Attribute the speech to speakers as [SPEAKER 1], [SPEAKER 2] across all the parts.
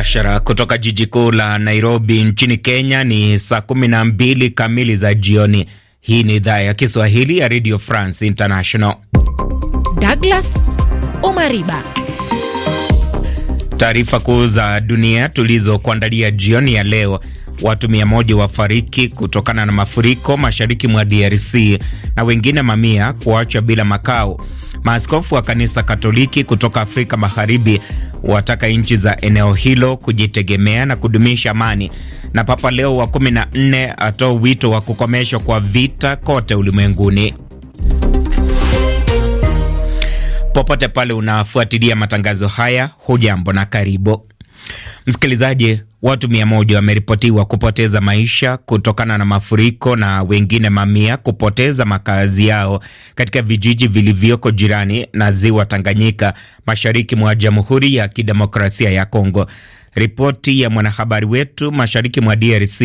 [SPEAKER 1] mubashara kutoka jiji kuu la Nairobi nchini Kenya. Ni saa kumi na mbili kamili za jioni. Hii ni idhaa ya Kiswahili ya Radio France International. Douglas Omariba, taarifa kuu za dunia tulizokuandalia jioni ya leo. Watu mia moja wafariki kutokana na mafuriko mashariki mwa DRC na wengine mamia kuachwa bila makao. Maaskofu wa kanisa Katoliki kutoka Afrika Magharibi wataka nchi za eneo hilo kujitegemea na kudumisha amani, na Papa Leo wa 14 atoa wito wa kukomeshwa kwa vita kote ulimwenguni. Popote pale unafuatilia matangazo haya, hujambo na karibu. Msikilizaji, watu mia moja wameripotiwa kupoteza maisha kutokana na mafuriko na wengine mamia kupoteza makazi yao katika vijiji vilivyoko jirani na ziwa Tanganyika, mashariki mwa Jamhuri ya Kidemokrasia ya Kongo. Ripoti ya mwanahabari wetu mashariki mwa DRC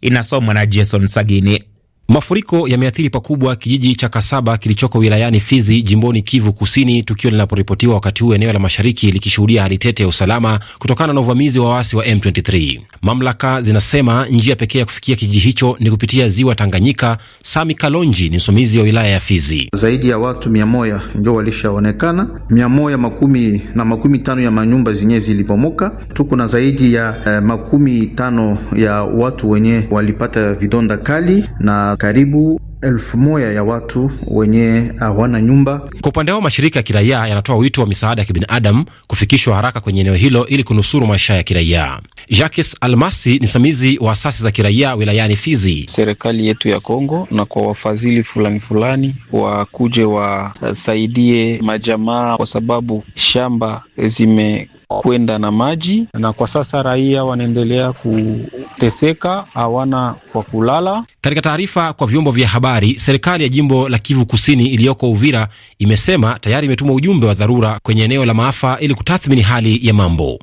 [SPEAKER 1] inasomwa na Jason Sagini. Mafuriko yameathiri pakubwa kijiji cha Kasaba kilichoko wilayani Fizi, jimboni Kivu Kusini, tukio linaporipotiwa wakati huu eneo la mashariki likishuhudia hali tete ya usalama kutokana na uvamizi wa waasi wa M23. Mamlaka zinasema njia pekee ya kufikia kijiji hicho ni kupitia ziwa Tanganyika. Sami Kalonji ni msimamizi wa wilaya ya Fizi. Zaidi ya watu mia moja ndio walishaonekana, mia moja makumi na makumi tano ya manyumba zenyewe zilipomoka. Tuko na zaidi ya eh, makumi tano ya watu wenye walipata vidonda kali na karibu elfu moja ya watu wenye hawana nyumba. Kwa upande wao, mashirika ya kiraia yanatoa wito wa misaada ya kibinadamu kufikishwa haraka kwenye eneo hilo ili kunusuru maisha ya kiraia. Jacques Almasi ni msimamizi wa asasi za kiraia wilayani Fizi. Serikali yetu ya Kongo na kwa wafadhili fulani fulani wakuje wasaidie majamaa, kwa sababu shamba zime kwenda na maji, na kwa sasa raia wanaendelea kuteseka, hawana kwa kulala. Katika taarifa kwa vyombo vya habari, serikali ya jimbo la Kivu Kusini iliyoko Uvira imesema tayari imetuma ujumbe wa dharura kwenye eneo la maafa ili kutathmini hali ya mambo.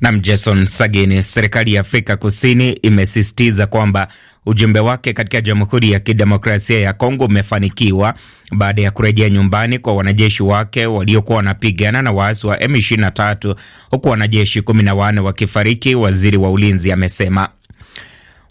[SPEAKER 1] Nam Jason Sagini. Serikali ya Afrika Kusini imesisitiza kwamba ujumbe wake katika Jamhuri ya Kidemokrasia ya Kongo umefanikiwa baada ya kurejea nyumbani kwa wanajeshi wake waliokuwa wanapigana na waasi wa M23 huku wanajeshi 14 wakifariki, waziri wa ulinzi amesema.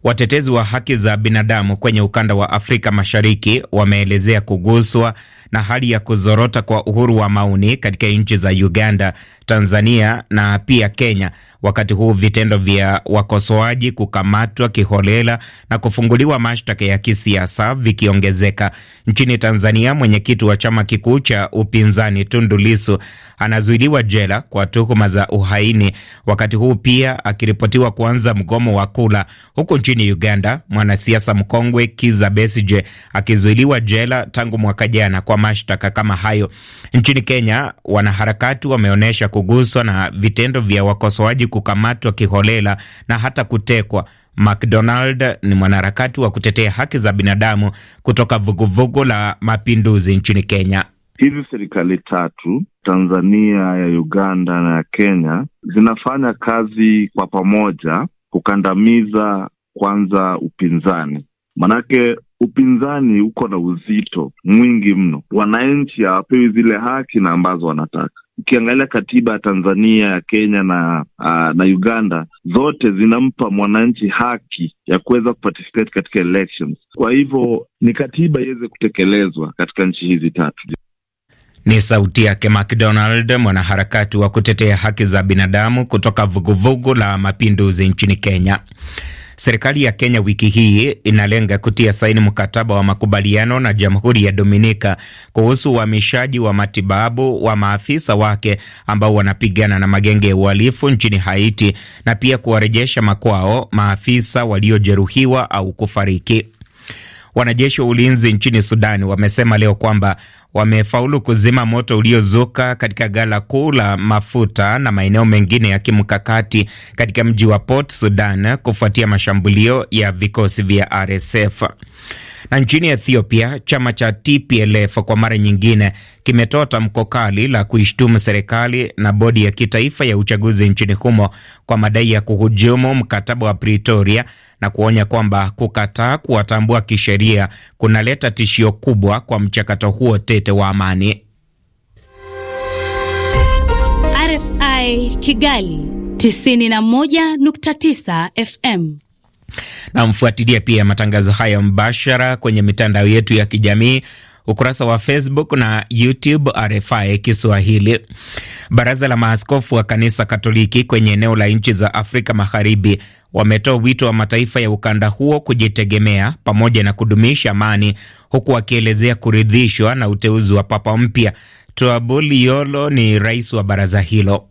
[SPEAKER 1] Watetezi wa haki za binadamu kwenye ukanda wa Afrika Mashariki wameelezea kuguswa na hali ya kuzorota kwa uhuru wa maoni katika nchi za Uganda, Tanzania na pia Kenya, wakati huu vitendo vya wakosoaji kukamatwa kiholela na kufunguliwa mashtaka ya kisiasa vikiongezeka. Nchini Tanzania, mwenyekiti wa chama kikuu cha upinzani Tundu Lissu anazuiliwa jela kwa tuhuma za uhaini, wakati huu pia akiripotiwa kuanza mgomo wa kula, huku nchini Uganda mwanasiasa mkongwe Kizza Besigye akizuiliwa jela tangu mwaka jana kwa mashtaka kama hayo. Nchini Kenya, wanaharakati wameonyesha kuguswa na vitendo vya wakosoaji kukamatwa kiholela na hata kutekwa. McDonald ni mwanaharakati wa kutetea haki za binadamu kutoka vuguvugu vugu la mapinduzi nchini Kenya. Hizi serikali tatu Tanzania, ya Uganda na ya Kenya zinafanya kazi kwa pamoja kukandamiza kwanza upinzani, manake upinzani uko na uzito mwingi mno, wananchi hawapewi zile haki na ambazo wanataka. Ukiangalia katiba ya Tanzania, ya Kenya na uh, na Uganda, zote zinampa mwananchi haki ya kuweza kuparticipate katika elections. Kwa hivyo ni katiba iweze kutekelezwa katika nchi hizi tatu. Ni sauti yake McDonald, mwanaharakati wa kutetea haki za binadamu kutoka vuguvugu vugu la mapinduzi nchini Kenya. Serikali ya Kenya wiki hii inalenga kutia saini mkataba wa makubaliano na Jamhuri ya Dominika kuhusu uhamishaji wa, wa matibabu wa maafisa wake ambao wanapigana na magenge ya uhalifu nchini Haiti na pia kuwarejesha makwao maafisa waliojeruhiwa au kufariki. Wanajeshi wa ulinzi nchini Sudani wamesema leo kwamba wamefaulu kuzima moto uliozuka katika gala kuu la mafuta na maeneo mengine ya kimkakati katika mji wa Port Sudan kufuatia mashambulio ya vikosi vya RSF. Na nchini Ethiopia, chama cha TPLF kwa mara nyingine kimetoa tamko kali la kuishtumu serikali na bodi ya kitaifa ya uchaguzi nchini humo kwa madai ya kuhujumu mkataba wa Pretoria na kuonya kwamba kukataa kuwatambua kisheria kunaleta tishio kubwa kwa mchakato huo tete wa amani. RFI Kigali 91.9 FM pia matangazo haya mbashara kwenye mitandao yetu ya kijamii ukurasa wa Facebook na YouTube RFI Kiswahili. Baraza la maaskofu wa kanisa Katoliki kwenye eneo la nchi za Afrika Magharibi wametoa wito wa mataifa ya ukanda huo kujitegemea pamoja na kudumisha amani, huku wakielezea kuridhishwa na uteuzi wa papa mpya. Toaboliolo ni rais wa baraza hilo.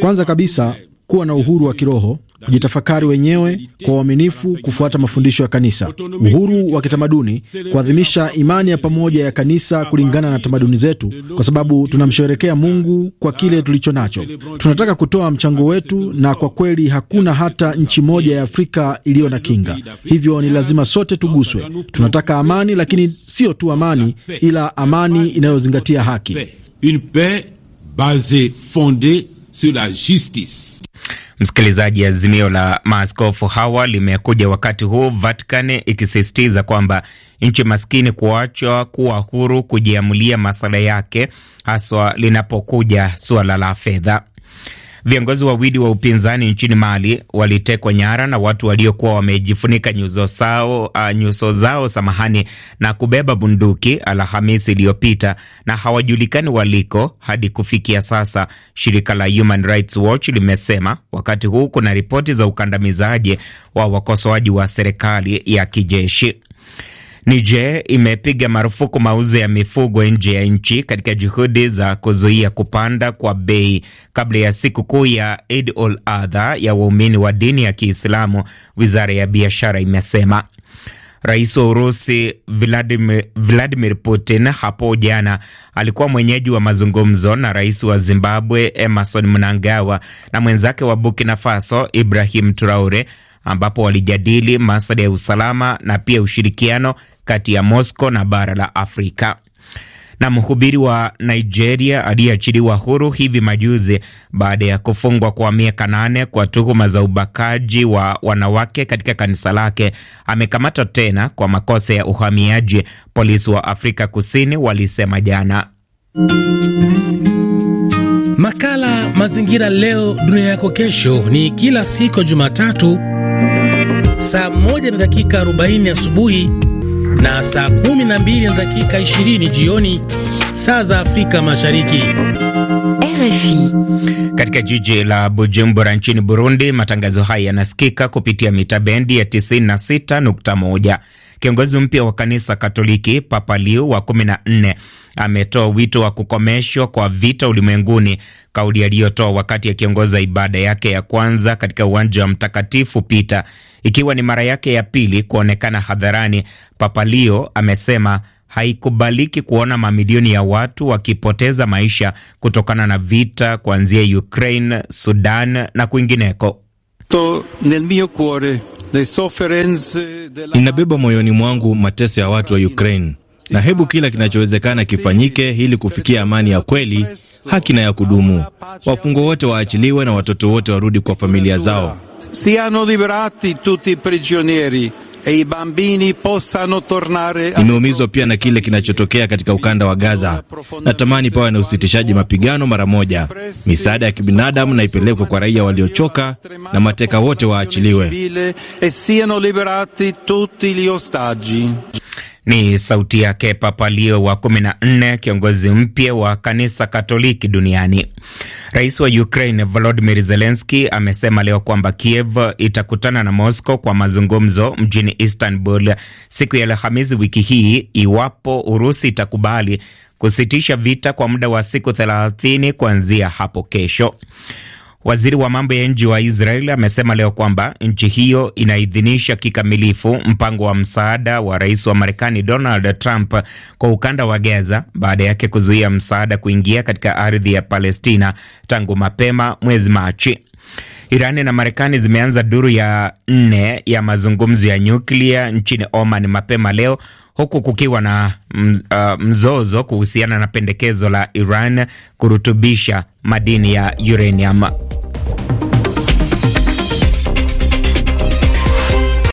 [SPEAKER 1] Kwanza kabisa kuwa na uhuru wa kiroho, kujitafakari wenyewe kwa uaminifu, kufuata mafundisho ya kanisa, uhuru wa kitamaduni, kuadhimisha imani ya pamoja ya kanisa kulingana na tamaduni zetu, kwa sababu tunamsherekea Mungu kwa kile tulicho nacho. Tunataka kutoa mchango wetu, na kwa kweli hakuna hata nchi moja ya Afrika iliyo na kinga, hivyo ni lazima sote tuguswe. Tunataka amani, lakini sio tu amani, ila amani inayozingatia haki. Msikilizaji, azimio la maaskofu hawa limekuja wakati huu Vatican ikisisitiza kwamba nchi maskini kuachwa kuwa huru kujiamulia masala yake, haswa linapokuja suala la fedha. Viongozi wawili wa upinzani nchini Mali walitekwa nyara na watu waliokuwa wamejifunika nyuso zao, uh, nyuso zao samahani, na kubeba bunduki Alhamisi iliyopita na hawajulikani waliko hadi kufikia sasa, shirika la Human Rights Watch limesema, wakati huu kuna ripoti za ukandamizaji wa wakosoaji wa serikali ya kijeshi. Niger imepiga marufuku mauzo ya mifugo nje ya nchi katika juhudi za kuzuia kupanda kwa bei kabla ya siku kuu ya Eid ul Adha ya waumini wa dini ya Kiislamu, wizara ya biashara imesema. Rais wa Urusi Vladimir, Vladimir Putin hapo jana alikuwa mwenyeji wa mazungumzo na rais wa Zimbabwe Emerson Mnangagwa na mwenzake wa Burkina Faso Ibrahim Traore ambapo walijadili masuala ya usalama na pia ushirikiano kati ya Moscow na bara la Afrika. Na mhubiri wa Nigeria aliyeachiliwa huru hivi majuzi baada ya kufungwa kwa miaka nane kwa tuhuma za ubakaji wa wanawake katika kanisa lake amekamatwa tena kwa makosa ya uhamiaji, polisi wa Afrika Kusini walisema jana. Makala Mazingira Leo Dunia Yako Kesho ni kila siku ya Jumatatu saa 1 na dakika 40 asubuhi na saa 12 na dakika 20 jioni saa za Afrika Mashariki. Katika jiji la Bujumbura nchini Burundi, matangazo haya yanasikika kupitia mita bendi ya 96.1. Kiongozi mpya wa kanisa Katoliki, Papa Leo wa kumi na nne ametoa wito wa kukomeshwa kwa vita ulimwenguni, kauli aliyotoa wakati akiongoza ya ibada yake ya kwanza katika uwanja wa Mtakatifu Pita, ikiwa ni mara yake ya pili kuonekana hadharani. Papa Leo amesema haikubaliki kuona mamilioni ya watu wakipoteza maisha kutokana na vita kuanzia Ukraine, Sudan na kwingineko. to nel mio cuore Ninabeba eh, moyoni mwangu mateso ya watu wa Ukraine, na hebu kila kinachowezekana kifanyike ili kufikia amani ya kweli, haki na ya kudumu. Wafungwa wote waachiliwe na watoto wote warudi kwa familia zao. Siano liberati tutti i prigionieri e Nimeumizwa pia na kile kinachotokea katika ukanda wa Gaza. Natamani pawe na usitishaji mapigano mara moja, misaada ya kibinadamu na ipelekwe kwa raia waliochoka na mateka wote waachiliwe. E ni sauti yake Papa Leo wa 14, kiongozi mpya wa kanisa Katoliki duniani. Rais wa Ukraine volodimir zelenski amesema leo kwamba Kiev itakutana na Moscow kwa mazungumzo mjini Istanbul siku ya Alhamisi wiki hii iwapo Urusi itakubali kusitisha vita kwa muda wa siku 30 kuanzia hapo kesho. Waziri wa mambo ya nje wa Israel amesema leo kwamba nchi hiyo inaidhinisha kikamilifu mpango wa msaada wa rais wa Marekani Donald Trump kwa ukanda wa Gaza baada yake kuzuia msaada kuingia katika ardhi ya Palestina tangu mapema mwezi Machi. Irani na Marekani zimeanza duru ya nne ya mazungumzo ya nyuklia nchini Oman mapema leo huku kukiwa na uh, mzozo kuhusiana na pendekezo la Iran kurutubisha madini ya uranium.